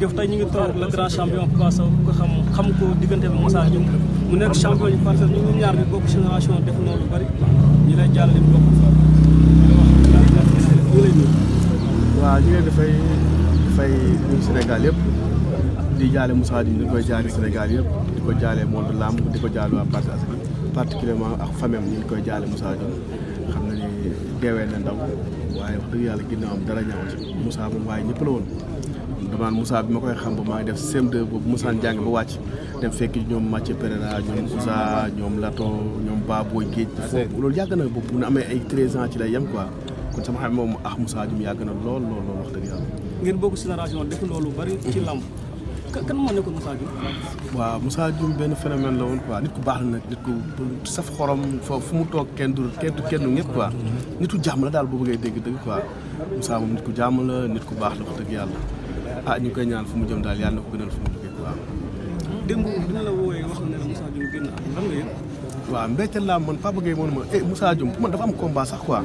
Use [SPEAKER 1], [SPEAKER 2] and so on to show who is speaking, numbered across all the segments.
[SPEAKER 1] jëf tey ñu ngi toog le grand champion Papa Sow ku ko xam xam ko diggante bi Moussa Dioum mu nekk champion ñu parce que ñu ngi ñaar bi bokk génération def na lu bari ñu lay jàll li bokk ñu lay nuyu waaw ñu ngi dafay dafay nuyu Sénégal yëpp di jaale Moussa Dioum di koy jaale Sénégal yëpp di ko jaale monde lamb di ko jaale waa parti particulièrement ak famem ñu ngi koy jaale Moussa xam na ni deewee na ndaw waaye wax yàlla ginnaawam dara ñaaw ci Moussa moom waaye ñëpp la woon man Moussa bi ma koy xam ba maa ngi def CM2 boobu Moussa jàng ba wàcc dem fekk ñoom Mathieu Pereira ñoom Moussa ñoom Lato ñoom Baboy Géej foofu loolu yàgg na boobu mu ñu amee ay 13 ans ci lay yem quoi kon sama xam moom ah musaa Dioum yàgg na lool lool wax dëgg yàlla ngeen bokk génération def loolu bari ci lamb kan moo nekkoon Moussa Dioum waaw Moussa Dioum benn phénomène la woon quoi nit ku baax la nag nit ku saf xorom foofu fu mu toog kenn du kenn kenn nit quoi nitu jàmm la daal boo bëggee dégg dëgg quoi Moussa moom nit ku jàmm nit ku baax la wax dëgg yàlla ah ñu koy ñaan fu mu jëm daal yàlla na ko gënal fu mu jógee waaw. la wooyee wax na ne waaw mbéyteel laa man Papa Gueye moom ma eh Moussa Dioum man dafa am combat sax quoi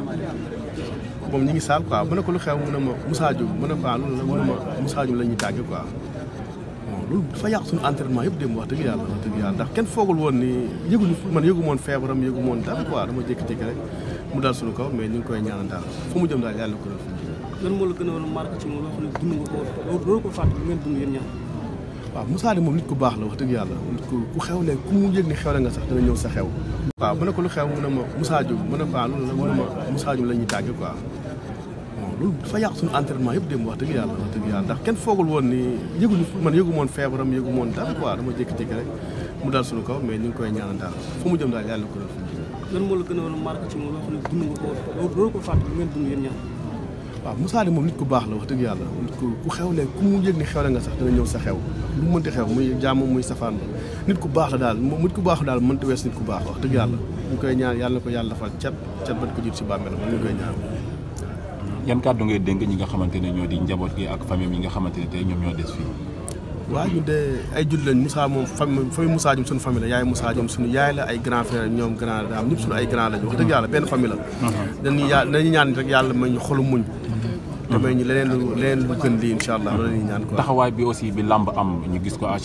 [SPEAKER 1] moom ñi ngi saal quoi mu ne ko lu xew mu ne ma Moussa Dioum mu ne quoi ah, loolu la mu ne la ñuy tàgge quoi. loolu dafa yàq suñu entraînement yëpp dem wax dëgg yàlla wax dëgg yàlla ndax kenn foogul woon ni yëguñu man yëgu moon feebaram yëgu moon dara quoi dama jékki-jékki rek mu dal suñu kaw mais ñu ngi koy ñaanal daal fu mu jëm daal yàlla ko dal fu lan moo la gën a war a ngeen waaw Moussa de moom nit ku baax la wax dëgg yàlla nit ku ku xewlee ku mu yëg ne xewle nga sax dana ñëw sa xew waaw mu ne ko lu xew mu ne ma Moussa Dioum mu ne quoi loolu la mu la ñuy tàgge quoi bon loolu dafa yàq suñu entraînement yëpp dem wax dëgg yàlla wax dëgg ndax kenn foogul woon ni yëguñu man yëgu moon feebaram yëgu moon dara quoi dama jékki-jékki rek mu dal suñu kaw mais ñu ngi koy ñaanal daal fu mu jëm daal yàlla ko a war ko loolu ko fàtte lu ngeen dund yéen ñaar waaw Moussa de moom nit ku baax la wax dëgg yàlla nit ku ku xewlee ku mu yëg ni xewle nga sax dana ñëw sa xew lu mënti xew muy jàmm muy safaan ba nit ku baax la daal moom nit ku baax la daal mënti wees nit ku baax wax dëgg yàlla ñu koy ñaan yàlla ko yàlla defal cat cat ba ko jiit si bàmmeelam ñu koy ñaan yan kàddu ngay dénk ñi nga xamante ne ñoo di njaboot gi ak famille yi nga xamante ne tey ñoom ñoo des fii waaw ñun de ay jullit lañ Moussa moom famille famille Moussa Dioum suñu famille la yaay Moussa Dioum suñu yaay la ay grand frère ñoom grand daam ñëpp suñu ay grand lañu wax yàlla benn famille la uh-huh. dañuy dañuy ñaan rek yàlla may ñu xolu muñ te may ñu leneen lu leneen lu gën lii incha allah la ñuy ñaan quoi. taxawaay bi aussi bi lamb am ñu gis ko la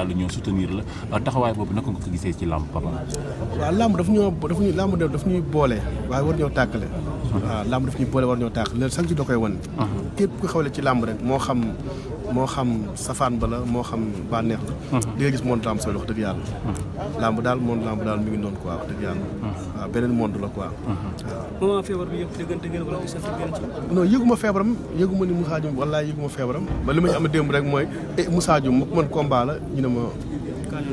[SPEAKER 1] euh, taxawaay boobu naka nga ko gisee ci lamb papa. waaw lamb daf boole waaye war ñoo tàkkale. Uh-huh. waaw lamb daf ñuy boole war koy wan. Uh-huh. képp ku xawle ci lamb rek moo xam. moo xam safaan ba la moo xam bànneex la li uh-huh. nga gis monde lamb sooy wax dëgg yàlla lamb daal monde lamb daal mi ngi noonu quoi wax dëgg yàlla waaw beneen monde la quoi waaw feebar bi yëpp déggante ngeen wala gisante ngeen ci. non yëguma feebaram yëguma ni Moussa Dioum wallaay yëguma feebaram ba li ma ñu am démb rek mooy eh Moussa Dioum ma ko mën combat ñu ne ma.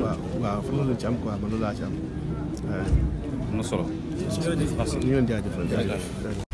[SPEAKER 1] waaw waaw fan la ci am quoi man loolu laa ci am waaw. am na solo. ñu ngi leen jaajëfal